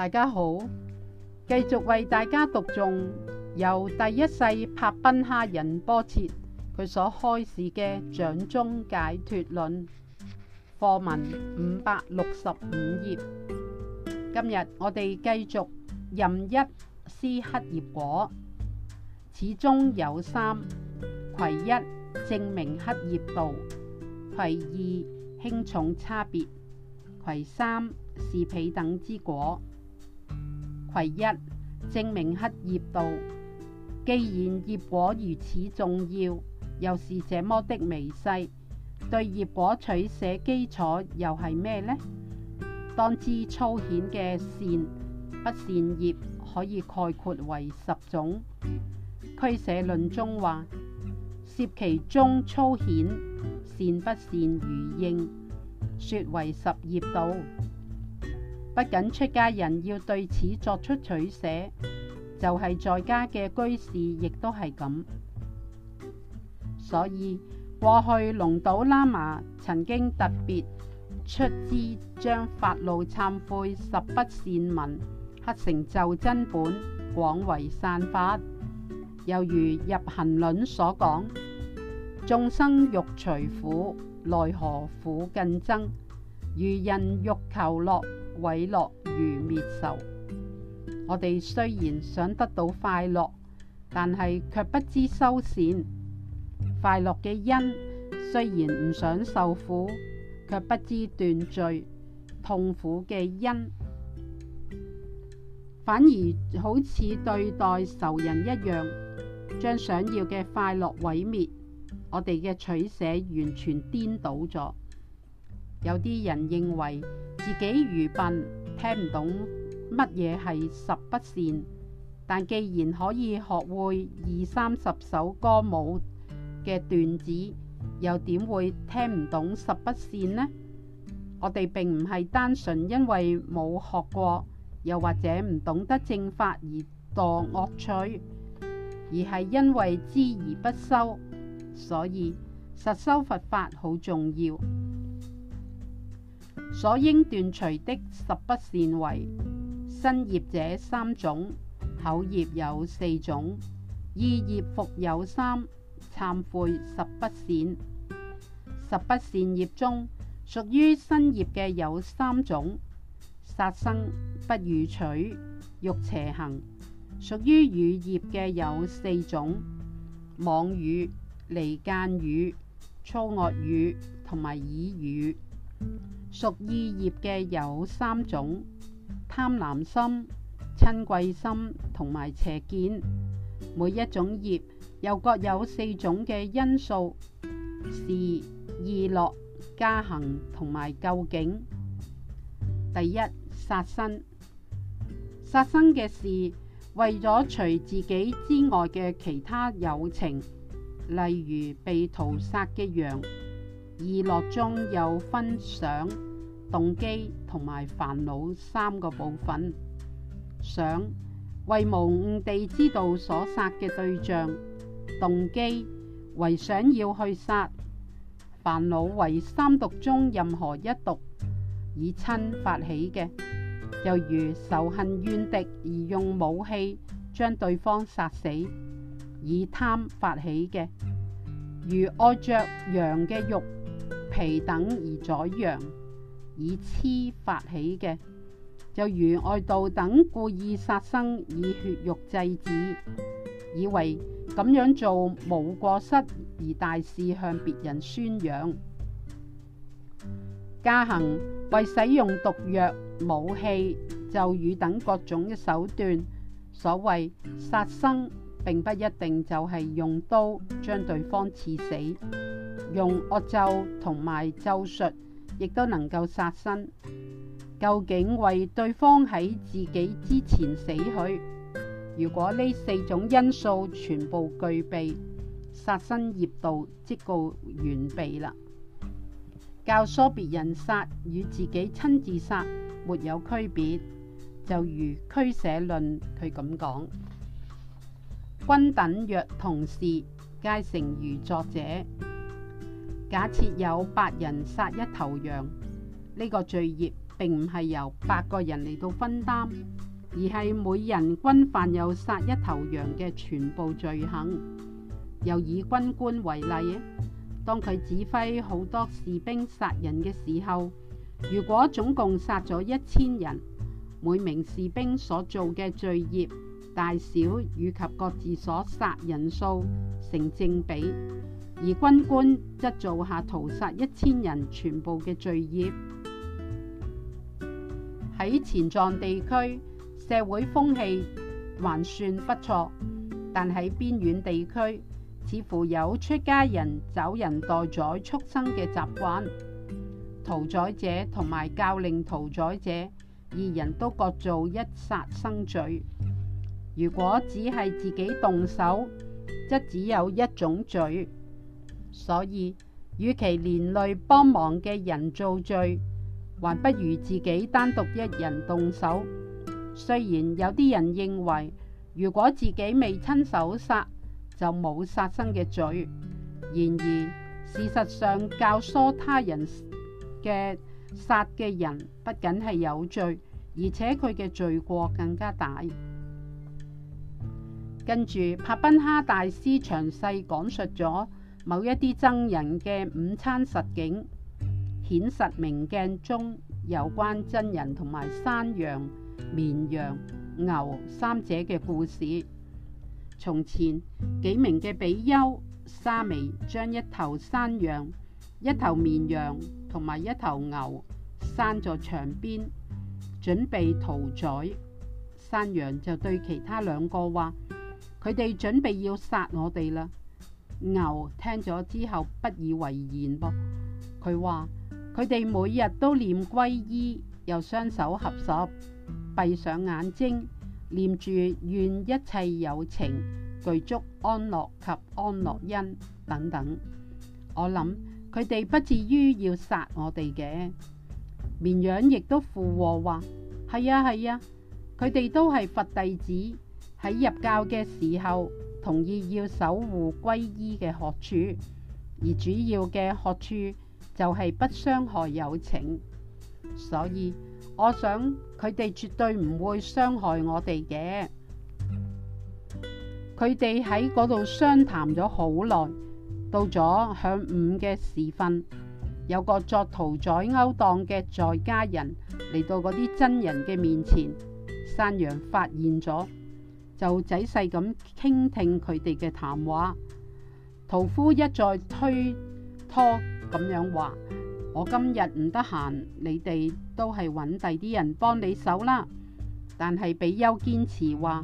大家好，繼續為大家讀誦由第一世帕繃喀仁波切佢所開示嘅《掌中解脱論》課文五百六十五頁。今日我哋繼續壬一思黑業果，此中有三：癸一證明黑業道，癸二輕重差別，癸三是彼等之果。唯一證明黑業道，既然業果如此重要，又是這麼的微細，對業果取捨基礎又係咩呢？當知粗顯嘅善不善業可以概括為十種。俱舍論中話涉其中，粗顯善不善如應，說為十業道。不僅出家人要對此作出取捨，就係、是、在家嘅居士亦都係咁。所以過去龍島喇嘛曾經特別出資將《法路懺悔十不善文》刻成袖珍本，廣為散發。又如《入行論》所講：眾生欲除苦，奈何苦更增。如人欲求樂，毀樂如滅仇。我哋雖然想得到快樂，但係卻不知修善；快樂嘅因雖然唔想受苦，卻不知斷罪。痛苦嘅因反而好似對待仇人一樣，將想要嘅快樂毀滅。我哋嘅取捨完全顛倒咗。有啲人認為自己愚笨，聽唔懂乜嘢係十不善，但既然可以學會二三十首歌舞嘅段子，又點會聽唔懂十不善呢？我哋並唔係單純因為冇學過，又或者唔懂得正法而墮惡趣，而係因為知而不修，所以實修佛法好重要。所應斷除的十不善為身業者三種，口業有四種，意業復有三，懺悔十不善。十不善業中，屬於身業嘅有三種：殺生、不與取、欲邪行。屬於語業嘅有四種：妄語、離間語、粗惡語同埋綺語。屬意業嘅有三種：貪婪心、親貴心同埋邪見。每一種業又各有四種嘅因素：事、意樂、加行同埋究竟。第一，殺生。殺生嘅事，為咗除自己之外嘅其他有情，例如被屠殺嘅羊。二樂中有分想、動機同埋煩惱三個部分。想為無誤地知道所殺嘅對象，動機為想要去殺，煩惱為三毒中任何一毒，以親發起嘅，又如仇恨怨敵而用武器將對方殺死；以貪發起嘅，如愛着羊嘅肉。其等而宰羊，以痴發起嘅，就如外道等故意殺生，以血肉祭祀，以為咁樣做冇過失而大肆向別人宣揚。加行為使用毒藥、武器、咒語等各種嘅手段，所謂殺生，並不一定就係用刀將對方刺死。用惡咒同埋咒術，亦都能夠殺身。究竟為對方喺自己之前死去，如果呢四種因素全部具備，殺身業道即告完備啦。教唆別人殺與自己親自殺沒有區別，就如《俱舍論》佢咁講：君等若同事，皆成如作者。假設有八人殺一頭羊，呢個罪業並唔係由八個人嚟到分擔，而係每人均犯有殺一頭羊嘅全部罪行。又以軍官為例，當佢指揮好多士兵殺人嘅時候，如果總共殺咗一千人，每名士兵所做嘅罪業大小以及各自所殺人數成正比。而軍官則做下屠殺一千人全部嘅罪業。喺前藏地區，社會風氣還算不錯，但喺邊遠地區似乎有出家人找人代宰畜生嘅習慣。屠宰者同埋教令屠宰者二人都各做一殺生罪。如果只係自己動手，則只有一種罪。所以，與其連累幫忙嘅人做罪，還不如自己單獨一人動手。雖然有啲人認為，如果自己未親手殺，就冇殺生嘅罪。然而，事實上教唆他人嘅殺嘅人，不僅係有罪，而且佢嘅罪過更加大。跟住，帕賓哈大師詳細講述咗。某一啲僧人嘅午餐實景，顯示明鏡中有關真人同埋山羊、綿羊、牛三者嘅故事。從前，幾名嘅比丘沙彌將一頭山羊、一頭綿羊同埋一頭牛閂在牆邊，準備屠宰。山羊就對其他兩個話：佢哋準備要殺我哋啦。牛聽咗之後不以為然噃，佢話佢哋每日都念皈依，又雙手合十，閉上眼睛，念住願一切有情具足安樂及安樂因等等。我諗佢哋不至於要殺我哋嘅。綿羊亦都附和話，係啊係啊，佢哋，啊、都係佛弟子，喺入教嘅時候。同意要守護皈依嘅學處，而主要嘅學處就係不傷害有情，所以我想佢哋絕對唔會傷害我哋嘅。佢哋喺嗰度商談咗好耐，到咗晌午嘅時分，有個作屠宰勾當嘅在家人嚟到嗰啲真人嘅面前，山羊發現咗，就仔細咁傾聽佢哋嘅談話，屠夫一再推拖咁樣話：我今日唔得閒，你哋都係揾第啲人幫你手啦。但係比丘堅持話：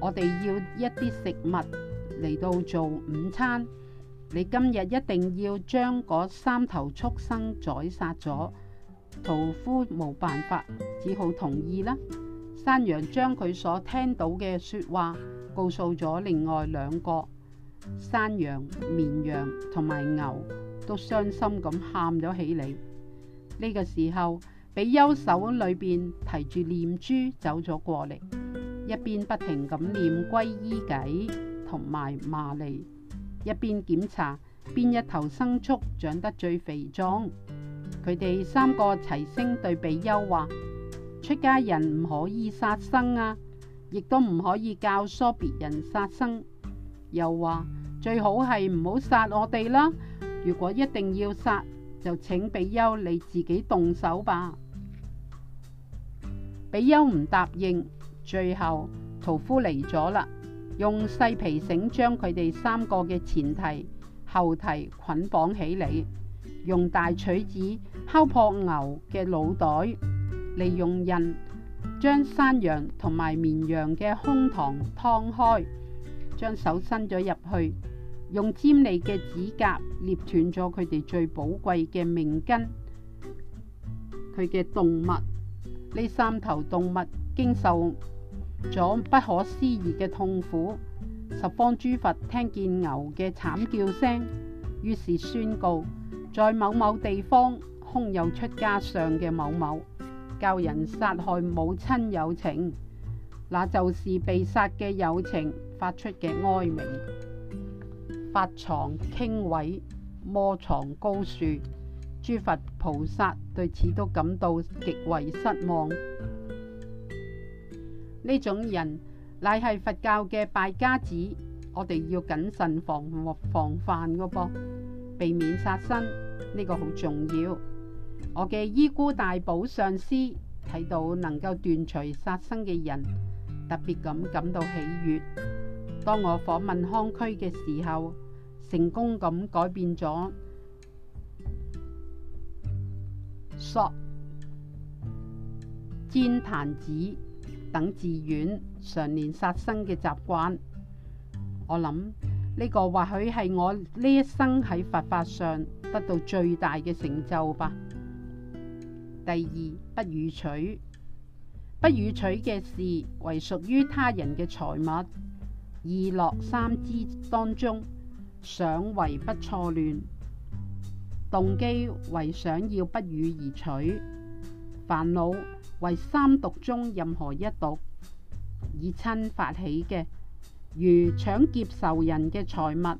我哋要一啲食物嚟到做午餐，你今日一定要將嗰三頭畜生宰殺咗。屠夫冇辦法，只好同意啦。山羊將佢所聽到嘅說話告訴咗另外兩個山羊、綿羊同埋牛，都傷心咁喊咗起嚟。呢個時候，比丘手裏邊提住念珠走咗過嚟，一邊不停咁念皈依偈同埋罵利」，一邊檢查邊一頭牲畜長得最肥壯，佢哋三個齊聲對比丘話。出家人唔可以殺生啊，亦都唔可以教唆別人殺生。又話最好係唔好殺我哋啦。如果一定要殺，就請比丘你自己動手吧。比丘唔答應，最後屠夫嚟咗啦，用細皮繩將佢哋三個嘅前蹄、後蹄捆綁起嚟，用大錘子敲破牛嘅腦袋。利用刃將山羊同埋綿羊嘅胸膛劏開，將手伸咗入去，用尖利嘅指甲捏斷咗佢哋最寶貴嘅命根。佢嘅動物，呢三頭動物經受咗不可思議嘅痛苦。十方諸佛聽見牛嘅慘叫聲，於是宣告，在某某地方，空有出家相嘅某某。教人殺害母親友情，那就是被殺嘅友情發出嘅哀鳴。法藏傾位，魔藏高樹，諸佛菩薩對此都感到極為失望。呢種人乃係佛教嘅敗家子，我哋要謹慎防防範㗎噃，避免殺生呢個好重要。我嘅依怙大寶上師睇到能夠斷除殺生嘅人，特別咁感到喜悅。當我訪問康區嘅時候，成功咁改變咗索煎彈子等寺院常年殺生嘅習慣。我諗呢、這個或許係我呢一生喺佛法上得到最大嘅成就吧。第二，不與取，不與取嘅事為屬於他人嘅財物。意樂，三者當中，想為不錯亂，動機為想要不與而取，煩惱為三毒中任何一毒，以瞋發起嘅，如搶劫仇人嘅財物，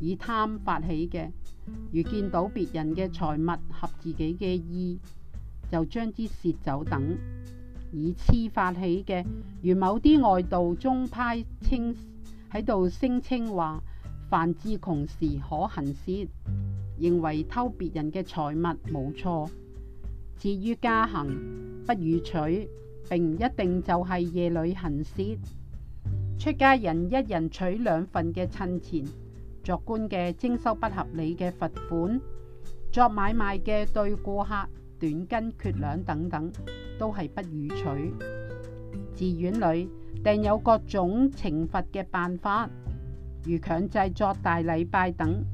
以貪發起嘅，如見到別人嘅財物合自己嘅意。就將之竊走，等以黐發起嘅，如某啲外道宗派稱喺度聲稱話，凡至窮時可行竊，認為偷別人嘅財物冇錯。至於加行不與取，並唔一定就係夜裏行竊。出家人一人取兩份嘅襯錢，作官嘅徵收不合理嘅罰款，作買賣嘅對顧客，短斤、缺兩等等，都係不予取。寺院裏訂有各種懲罰嘅辦法，如強制作大禮拜等，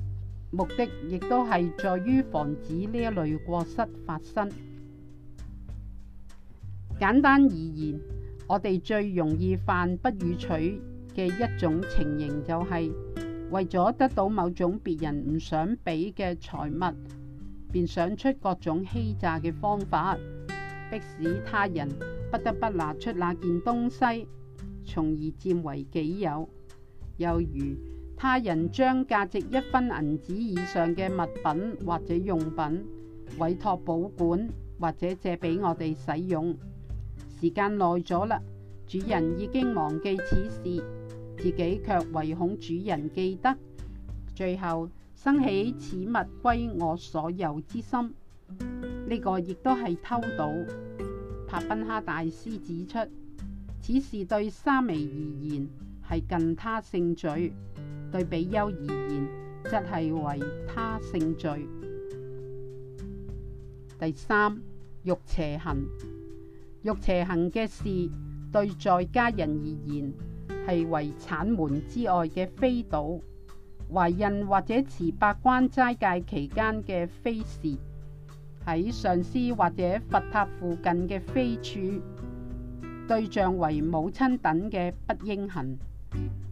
目的亦都係在於防止呢一類過失發生。簡單而言，我哋最容易犯不予取嘅一種情形，就是，就係為咗得到某種別人唔想俾嘅財物。便想出各種欺詐嘅方法，迫使他人不得不拿出那件東西，從而佔為己有。又如他人將價值一分銀紙以上嘅物品或者用品委託保管或者借俾我哋使用，時間耐咗啦，主人已經忘記此事，自己卻唯恐主人記得，最後，生起此物歸我所有之心，呢、這個亦都係偷盜。帕賓哈大師指出，此事對沙彌而言係近他勝罪，對比丘而言則係為他勝罪。第三，欲邪行。欲邪行嘅事對在家人而言係為產門之外嘅非道。懷孕或者持八關齋戒期間嘅非時，喺上師或者佛塔附近嘅非處，對象為母親等嘅不應行。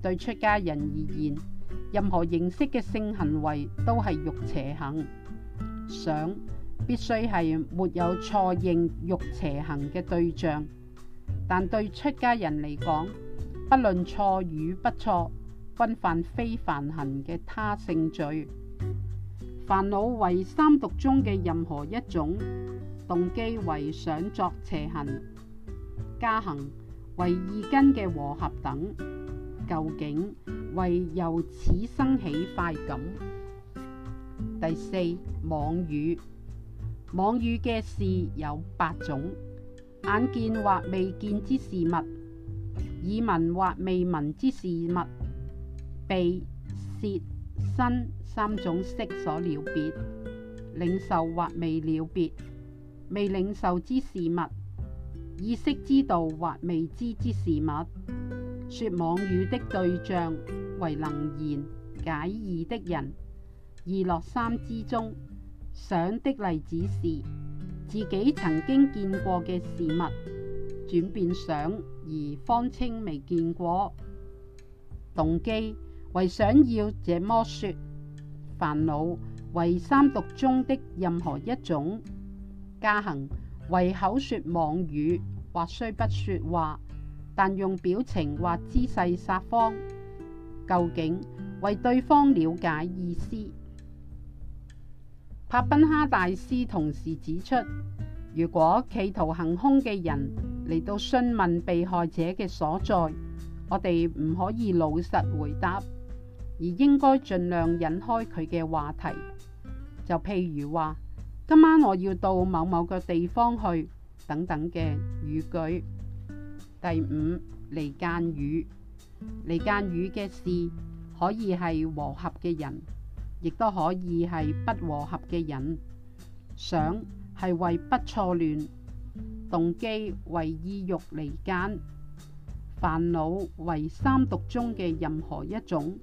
對出家人而言，任何形式嘅性行為都係欲邪行，想必須係沒有錯認欲邪行嘅對象。但對出家人嚟講，不論錯與不錯。分犯非凡行嘅他性罪，煩惱為三毒中嘅任何一種，動機為想作邪行、加行為意根嘅和合等，究竟為由此生起快感。第四妄語，妄語嘅事有八種：眼見或未見之事物，耳聞或未聞之事物。鼻舌、身三種色所了別，領受或未了別，未領受之事物、意識之道或未知之事物，説妄語的對象為能言解義的人，意樂三之中想的例子是自己曾經見過嘅事物，轉變想而方稱未見過，動機。為想要這麼說，煩惱為三毒中的任何一種，加行為口說妄語，或雖不說話，但用表情或姿勢撒謊，究竟為對方了解意思。帕賓哈大師同時指出，如果企圖行凶嘅人嚟到詢問被害者嘅所在，我哋唔可以老實回答。而應該盡量引開佢嘅話題，就譬如話，今晚我要到某某個地方去等等嘅語句。第五，離間語。離間語嘅事可以係和合嘅人，亦都可以係不和合嘅人。想係為不錯亂，動機為意欲離間，煩惱為三毒中嘅任何一種。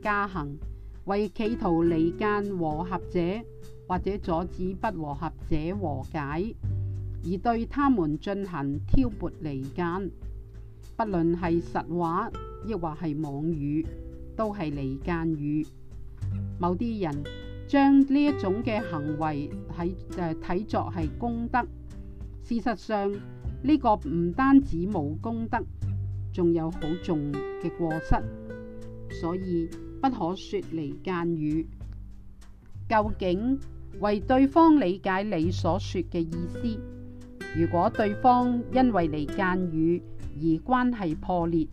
加行為企圖離間和合者，或者阻止不和合者和解，而對他們進行挑撥離間，不論係實話亦或係妄語，都係離間語。某啲人將呢一種嘅行為睇誒睇作係功德，事實上呢個唔單止冇功德，仲有好重嘅過失。所以不可說離間語，究竟為對方理解你所說嘅意思。如果對方因為離間語而關係破裂，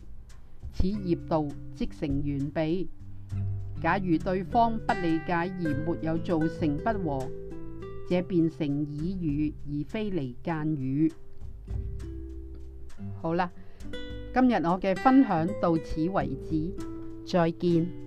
此業道即成完備。假如對方不理解而沒有造成不和，這變成耳語而非離間語。好啦，今日我嘅分享到此為止。再見。